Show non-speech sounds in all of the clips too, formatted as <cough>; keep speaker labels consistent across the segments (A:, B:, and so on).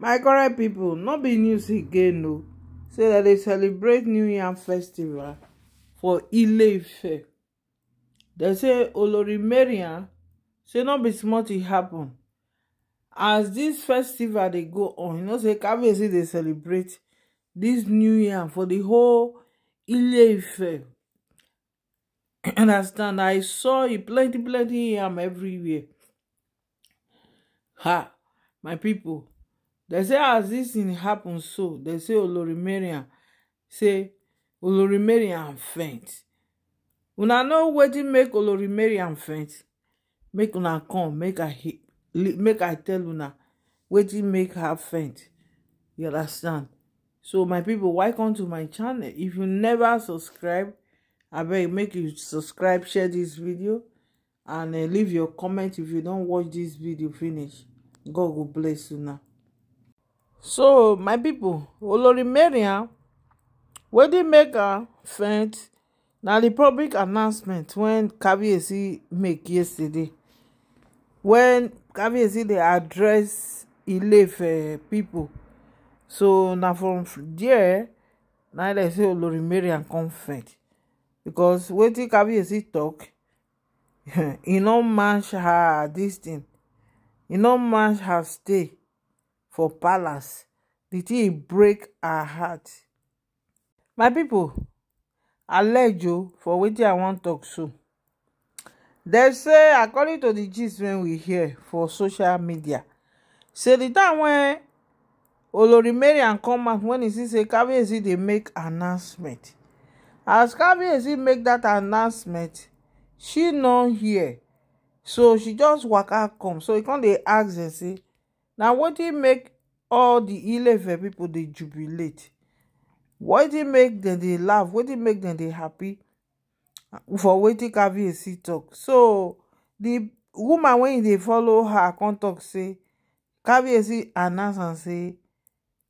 A: my correct people, no be news again o say that they celebrate new yam festival for ileife They say olorimerian say not be small to happen as this festival they go on you know say kabezi They celebrate this new Year for the whole ileife <clears throat> understand i saw e plenty plenty yam everywhere ha my people. They say as ah, this thing happens, so they say olori mariam say olori mariam faint una know wetin make olori mariam faint make una come make i make i tell una wetin make her faint you understand so my people, welcome to my channel if you never subscribe beg make you subscribe share this video and eh, leave your comment if you don't watch this video finish god will bless you now so my people, olori mariam wey dey make her faint na di public announcement wen kabiyesi make yesterday wen kabiyesi dey address ilefe pipo so na from there na like say olori mariam come faint because wetin kabiyesi talk, <laughs> e no match her dis thing e no match her stay for palace the thing break her heart my people, pipo you for wetin i want talk so They say according to the gist when we hear for social media say the time when olori mariam come out wen e see say kabiyesi they make announcement as kabiyesi make that announcement she not here, so she just walk out come so e come dey ask dem say na wetin make all the ilefe people dey jubilate wetin make dem dey laugh wetin make dem dey happy for wetin caviarcy talk. so the woman wey dey follow her come talk. say caviarcy announce am say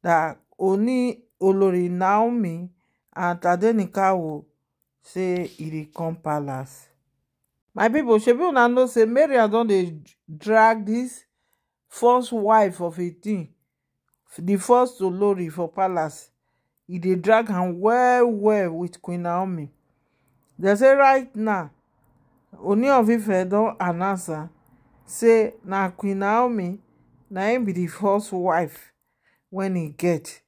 A: that oni olori naomi and tadenikawo say e dey come palace my people, shebi una know say mariam don dey drag this first wife of a thing di first olori for palace e dey drag am well well with queen naomi dem say right now oni of ife don announce am say na queen naomi na im be the first wife wen e get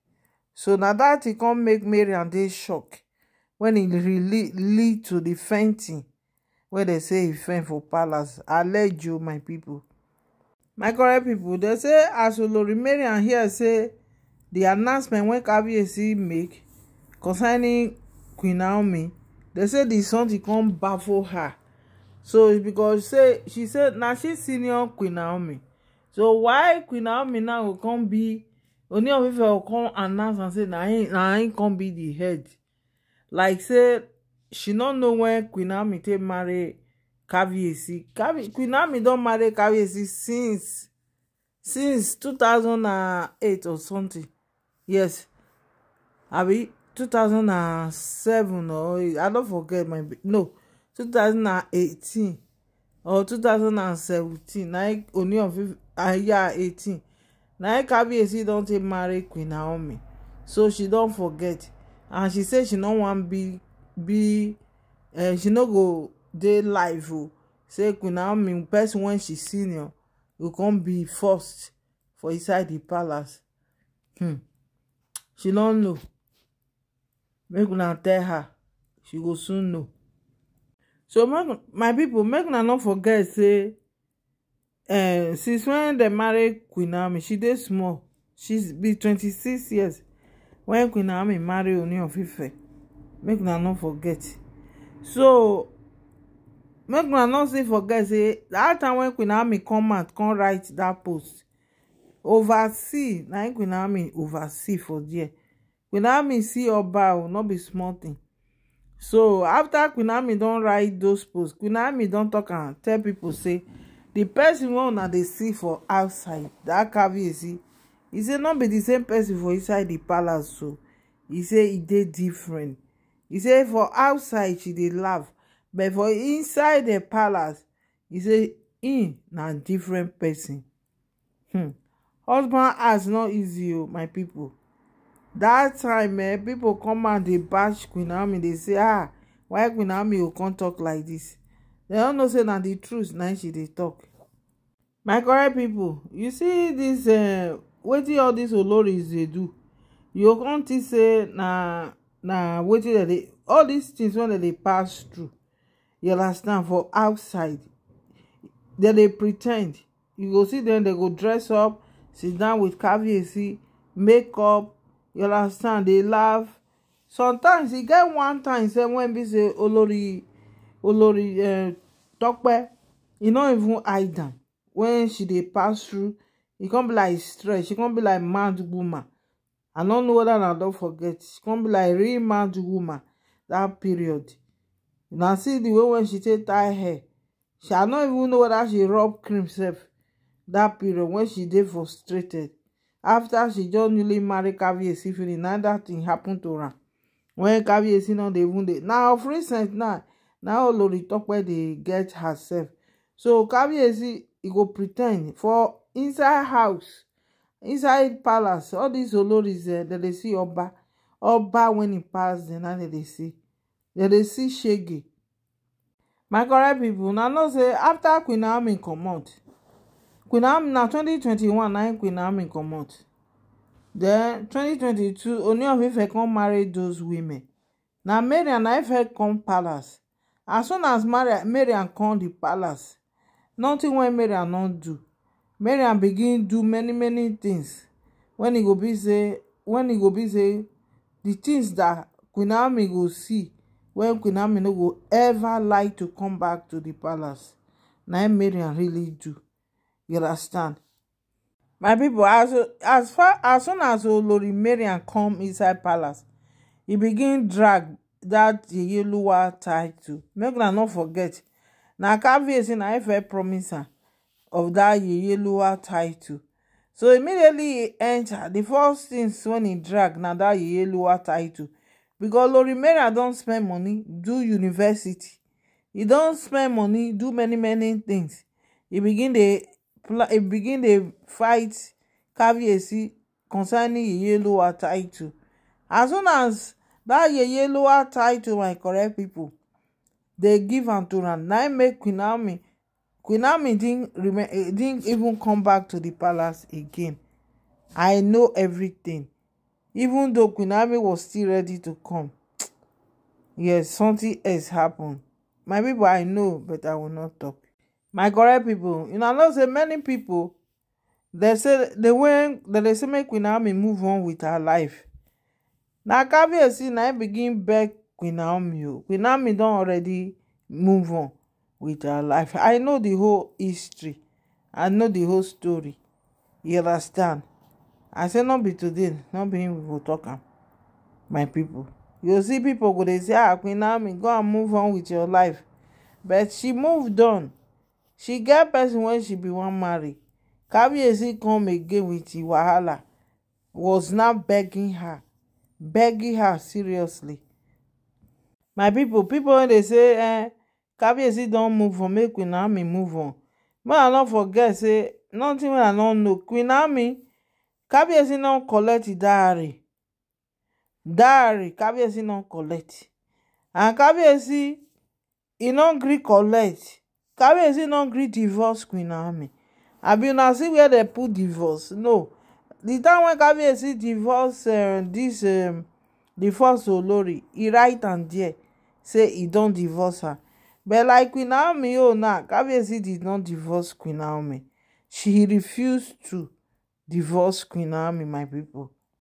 A: so na dat e come make mariam dey shock wen e lead to the fainting wey dem say e faint for palace alejo my people my correct people, dem say as olorimeria hear say di announcement wey kabiyesi make concerning queen naomi dem say di something come baffle her so because say she say na she senior queen naomi so why queen naomi now go come be oni of ife go come announce am say na him na him come be di head like say she no know when queen naomi take marry Kabiyesi Kabi Queen Naomi don't marry Kabiyesi since since two thousand and eight or something yes abi two thousand and seven or I don't forget my no two thousand and eighteen or two thousand and seventeen na Ooni e, of Ife eighteen na e Kabiyesi don take marry Queen Naomi so she don't forget and she say she no want be be uh, she no go dey life o say queen naomi person wen she senior go come be first for inside di palace hmm she don know make una tell her she go soon know so my my people, make una no forget say uh, since when dem marry queen naomi she dey small she be twenty six years when queen naomi marry oni of make una no forget so make una no still forget say That time when queen army come out come write that post oversee na im queen army oversee for there queen army see oba o no be small thing so after queen army don write those posts queen army don talk and tell people say the person wey una dey see for outside That dat caviezi e say no be the same person for inside the palace so e say e dey different e say for outside she dey laugh but for inside the palace he say him na different person hmm. husband house no easy o oh, my people. That time eh, people come out dey bash queen naomi dey say ah why queen naomi go come talk like this? They no know say na the truth na she dey talk my correct people, you see this. uh, wetin all these oloris dey do you go come think say na na wetin dem dey all these things wey dem dey pass through you understand for outside then they pretend you go see them; they go dress up sit down with caviarcy makeup. you understand They laugh sometimes e get one time sef when be say olori olori uh, tope e no even hide them. When she they pass through e come be like stress she come be like mad woman i don't know whether I don't forget she come be like real mad woman That period na see the way when she take tie hair she i no even know whether she rub cream self. That period when she dey frustrated after she just newly married caviarcy finish na dat thing happen to her. When caviarcy no not even dey Now, for instance, now now talk where they get herself so caviarcy he go pretend for inside house inside palace all dis oloris eh, dem they see oba oba when he pass then na dem see dem dey see shege my correct pipo na know say afta queen naomi comot queen naomi na 2021 na queen naomi comot den 2022 oni of ife come marry those women na marian na ife come palace as soon as marian come the palace nothing wey marian no do marian begin do many many things. E when e go be say the things that queen naomi go see When queen ami no go ever like to come back to the palace na im marian really do you understand my people, as as far as soon as olori marian come inside palace e begin drag that yeyeluwa title make una no forget na caviarcy e na ife promise am of that yeyeluwa title so immediately e enta di first tins when e drag na that yeyeluwa title Because becos lorimeria don't spend money do university He don't spend money do many many things. He begin dey He begin the fight caviarcy concerning iyeluwa title as soon as dat iyeluwa title my correct people, they give am to Now make queen naomi queen naomi eh, didn't even come back to the palace again i know everything even though Queen Naomi was still ready to come yes something else happened. my people I know but I will not talk my correct people you know I say many people They say the way dem dey say make Queen Naomi move on with her life na Kabiyesi na im begin beg Queen Naomi o oh. Queen Naomi don already move on with her life I know the whole history I know the whole story you understand i say no be today no be him we will talk am my people. you see people go they say ah queen naomi go and move on with your life but she moved on she get person when she be wan marry kabiyesi come again with im wahala was now begging her begging her seriously my people, people when they say eh kabiyesi don't move on make queen naomi move on But i no forget say nothing wey i no know queen naomi kábíyèsí náà collect dowry dowry kábíyèsí náà collect and kábíyèsí e no gree collect kábíyèsí no gree divorce queen naomi abi una see where dem put divorce no the time when kábíyèsí divorce uh, this um, the first olori e write am there say e don divorce her but like queen naomi own now kábíyèsí did not divorce queen naomi she refused to divorce queen naomi my people